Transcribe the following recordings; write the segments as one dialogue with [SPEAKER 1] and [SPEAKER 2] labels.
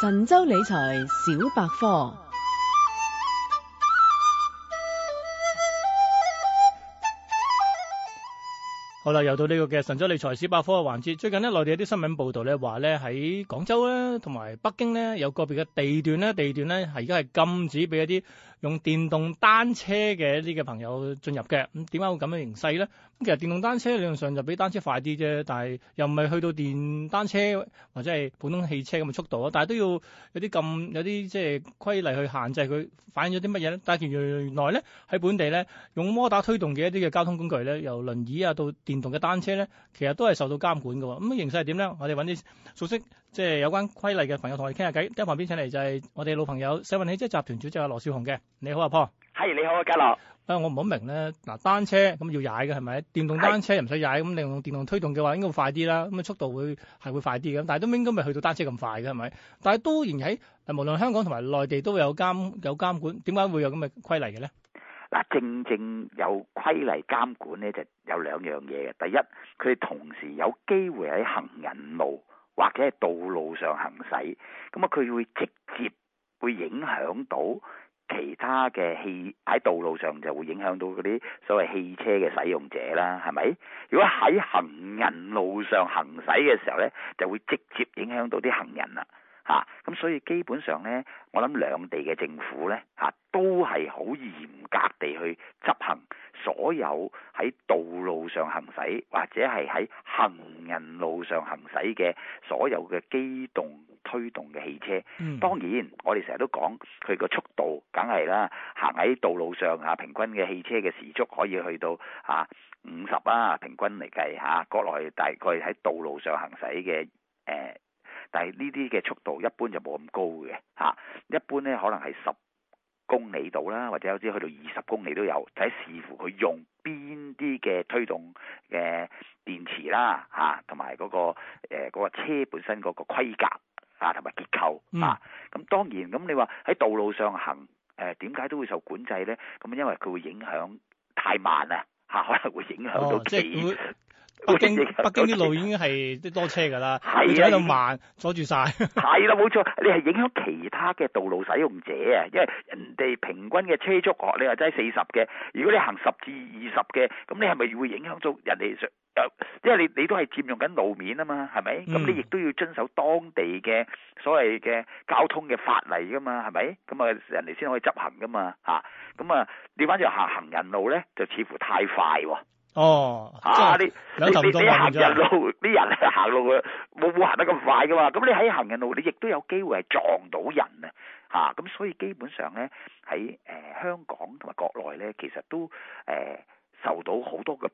[SPEAKER 1] 神州理財小百科。好啦，又到呢個嘅神州理財史百科嘅環節。最近呢，內地有啲新聞報道咧，話咧喺廣州咧同埋北京咧有個別嘅地段咧，地段咧係而家係禁止俾一啲用電動單車嘅一啲嘅朋友進入嘅。咁點解會咁嘅形勢咧？咁其實電動單車理論上就比單車快啲啫，但係又唔係去到電單車或者係普通汽車咁嘅速度。但係都要有啲咁有啲即係規例去限制佢，反映咗啲乜嘢咧？但係原來原來咧喺本地咧用摩打推動嘅一啲嘅交通工具咧，由輪椅啊到電，唔同嘅單車咧，其實都係受到監管嘅、哦。咁、嗯、形勢係點咧？我哋揾啲熟悉即係、就是、有關規例嘅朋友同我哋傾下偈。一旁邊請嚟就係我哋老朋友世運汽車集團主席阿羅少雄嘅。你好阿 Paul。
[SPEAKER 2] 係你好啊，嘉樂。啊、
[SPEAKER 1] 呃，我唔好明咧。嗱，單車咁要踩嘅係咪？電動單車唔使踩，咁你用電動推動嘅話應該會，應該快啲啦。咁速度會係會快啲嘅。但係都應該咪去到單車咁快嘅係咪？但係都仍喺無論香港同埋內地都有監有監管，點解會有咁嘅規例嘅咧？
[SPEAKER 2] 嗱，正正有規例監管呢，就有兩樣嘢嘅。第一，佢同時有機會喺行人路或者係道路上行駛，咁啊佢會直接會影響到其他嘅汽喺道路上就會影響到嗰啲所謂汽車嘅使用者啦，係咪？如果喺行人路上行駛嘅時候呢，就會直接影響到啲行人啦。咁、啊、所以基本上呢，我諗兩地嘅政府呢，啊、都係好嚴格地去執行所有喺道路上行駛或者係喺行人路上行駛嘅所有嘅機動推動嘅汽車。當、嗯、當然，我哋成日都講佢個速度梗係啦，行喺道路上、啊、平均嘅汽車嘅時速可以去到嚇五十啦，平均嚟計嚇。國內大概喺道路上行駛嘅誒但係呢啲嘅速度一般就冇咁高嘅嚇，一般咧可能係十公里度啦，或者有啲去到二十公里都有，就係視乎佢用邊啲嘅推動嘅電池啦嚇，同埋嗰個誒嗰、嗰個、車本身嗰個規格啊同埋結構啊。咁、嗯、當然咁你話喺道路上行誒點解都會受管制咧？咁因為佢會影響太慢啊嚇，可能會影響到其
[SPEAKER 1] 北京，北京啲路已經係多車噶啦，而且喺度慢，阻住晒。係啦、啊，冇
[SPEAKER 2] 錯，你係影響其他嘅道路使用者啊，因為人哋平均嘅車速，你話齋四十嘅，如果你行十至二十嘅，咁你係咪會影響到人哋？因為你你都係佔用緊路面啊嘛，係咪？咁你亦都要遵守當地嘅所謂嘅交通嘅法例噶嘛，係咪？咁啊，人哋先可以執行噶嘛，吓。咁啊，你反而行行人路咧，就似乎太快。
[SPEAKER 1] 哦，吓、啊，你你你，你行人路，
[SPEAKER 2] 啲人行路啊，冇冇行，行得咁快噶嘛？咁你喺行人路，你亦都有機會係撞到人啊！吓，咁所以基本上咧，喺誒、呃、香港同埋國內咧，其實都誒、呃、受到好多嘅。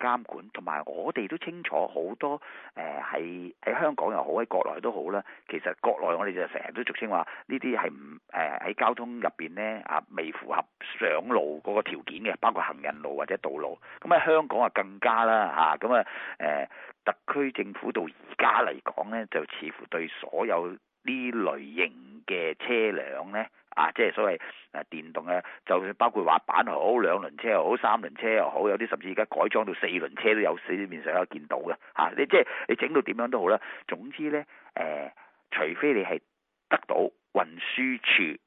[SPEAKER 2] 監管同埋我哋都清楚好多，係、呃、喺香港又好，喺國內都好啦。其實國內我哋就成日都俗稱話呢啲係唔喺交通入邊咧啊，未符合上路嗰個條件嘅，包括行人路或者道路。咁喺香港啊更加啦嚇咁啊，啊、呃、特區政府到而家嚟講咧，就似乎對所有呢類型嘅車輛咧。啊，即係所謂誒電動嘅，就算包括滑板又好，兩輪車又好，三輪車又好，有啲甚至而家改裝到四輪車都有，四面上有見到嘅嚇、啊。你即係你整到點樣都好啦，總之呢，誒、呃，除非你係得到運輸處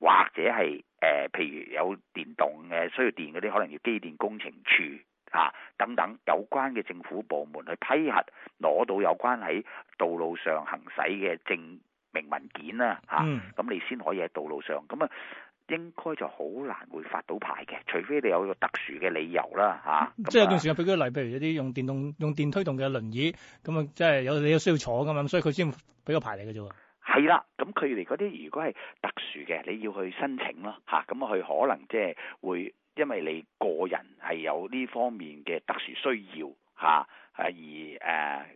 [SPEAKER 2] 或者係誒、呃，譬如有電動嘅需要電嗰啲，可能要機電工程處嚇、啊、等等有關嘅政府部門去批核，攞到有關喺道路上行駛嘅證明文件啦嚇，咁、嗯、你先可以喺道路上，咁啊應該就好難會發到牌嘅，除非你有個特殊嘅理由啦嚇。嗯、樣即係有段
[SPEAKER 1] 時間俾個例，譬如有啲用電動用電推動嘅輪椅，咁啊即係有你有需要坐嘅嘛，所以佢先俾個牌嚟嘅啫喎。
[SPEAKER 2] 係啦，咁佢哋嗰啲如果係特殊嘅，你要去申請咯嚇，咁、啊、佢可能即係會因為你個人係有呢方面嘅特殊需要嚇，啊而誒。呃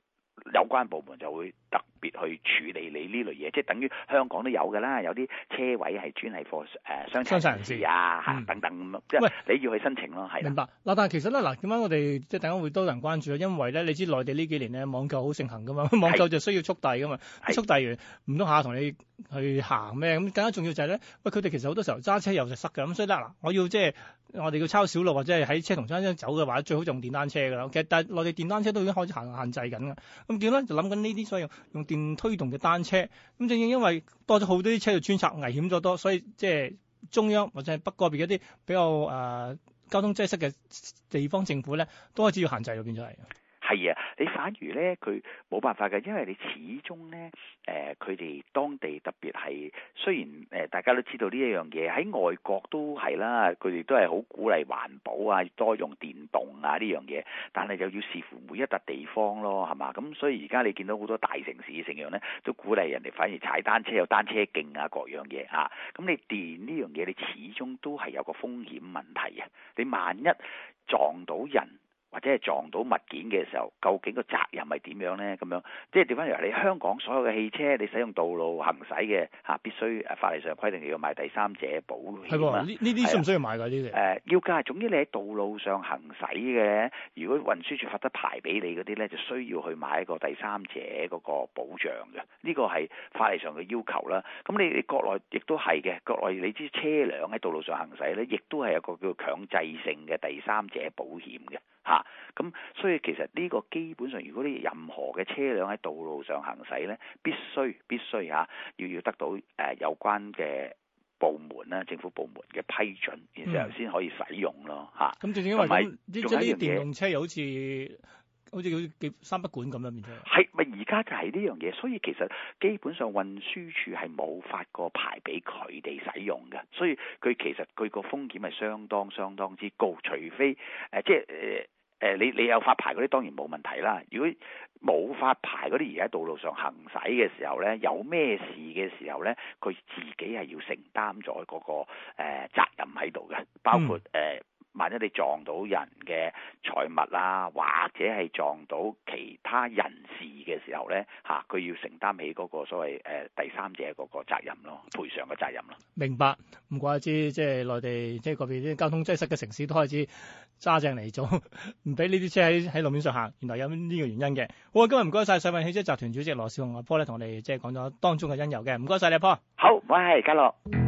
[SPEAKER 2] 有關部門就會特別去處理你呢類嘢，即係等於香港都有㗎啦，有啲車位係專係貨誒商場人士啊、等等咁咯。嗯、即係你要去申請咯，係喂。的明
[SPEAKER 1] 白嗱，但其實咧嗱，點解我哋即係等然會會多人關注啊？因為咧，你知內地呢幾年咧網購好盛行㗎嘛，網購就需要速遞㗎嘛，是速遞完唔通下同你去行咩？咁更加重要就係咧，喂，佢哋其實好多時候揸車又係塞㗎，咁所以咧嗱，我要即係我哋要抄小路或者係喺車同車之間走嘅話，最好就用電單車噶啦。其實但係內地電單車都已經開始限限制緊嘅。咁點咧？就諗緊呢啲所有用電推動嘅單車。咁正正因為多咗好多啲車要穿插，危險咗多，所以即係中央或者係北過邊一啲比較誒、呃、交通擠塞嘅地方政府咧，都開始要限制就變咗係。
[SPEAKER 2] 係啊，你反而咧，佢冇辦法嘅，因為你始終咧，誒、呃，佢哋當地特別係雖然誒、呃，大家都知道呢一樣嘢喺外國都係啦，佢哋都係好鼓勵環保啊，多用電動啊呢樣嘢，但係又要視乎每一笪地方咯，係嘛？咁所以而家你見到好多大城市成樣咧，都鼓勵人哋反而踩單車，有單車徑啊，各樣嘢啊，咁你電呢樣嘢，你始終都係有個風險問題啊，你萬一撞到人，或者係撞到物件嘅時候，究竟個責任係點樣呢？咁樣即係調翻轉嚟，你香港所有嘅汽車，你使用道路行駛嘅嚇、啊，必須、啊、法例上規定要買第三者保險。呢啲
[SPEAKER 1] 需唔
[SPEAKER 2] 需要買？呢啲、呃、要㗎，總之你喺道路上行駛嘅，如果運輸處發得牌俾你嗰啲呢，就需要去買一個第三者嗰個保障嘅。呢個係法例上嘅要求啦。咁你你國內亦都係嘅，國內你知車輛喺道路上行駛呢，亦都係有個叫強制性嘅第三者保險嘅。嚇，咁、啊、所以其實呢個基本上，如果你任何嘅車輛喺道路上行駛咧，必須必須嚇，要、啊、要得到誒、呃、有關嘅部門啦、政府部門嘅批准，然後先可以使用咯嚇。咁、嗯啊、正正因為有這樣即係啲電動
[SPEAKER 1] 車又好似好似叫三不管咁樣，變係咪而家就係呢樣嘢？
[SPEAKER 2] 所以其實基本上運輸署係冇發個牌俾佢哋使用嘅，所以佢其實佢個風險係相當相當之高，除非誒、呃、即係誒。呃誒、呃、你你有發牌嗰啲當然冇問題啦。如果冇發牌嗰啲而家道路上行駛嘅時候咧，有咩事嘅時候咧，佢自己係要承擔咗嗰、嗰個誒、呃、責任喺度嘅，包括誒。嗯萬一你撞到人嘅財物啦、啊，或者係撞到其他人士嘅時候咧，嚇、啊、佢要承擔起嗰個所謂誒、呃、第三者嗰個責任咯，賠償嘅責任咯。
[SPEAKER 1] 明白。唔怪之，即係內地，即係嗰邊啲交通擠塞嘅城市都開始揸正嚟做，唔俾呢啲車喺喺路面上行。原來有呢個原因嘅。好，啊，今日唔該晒，世運汽車集團主席羅少龍阿波咧，同好我哋即係講咗當中嘅因由嘅。唔該晒，你阿波。好，喂，安，家樂。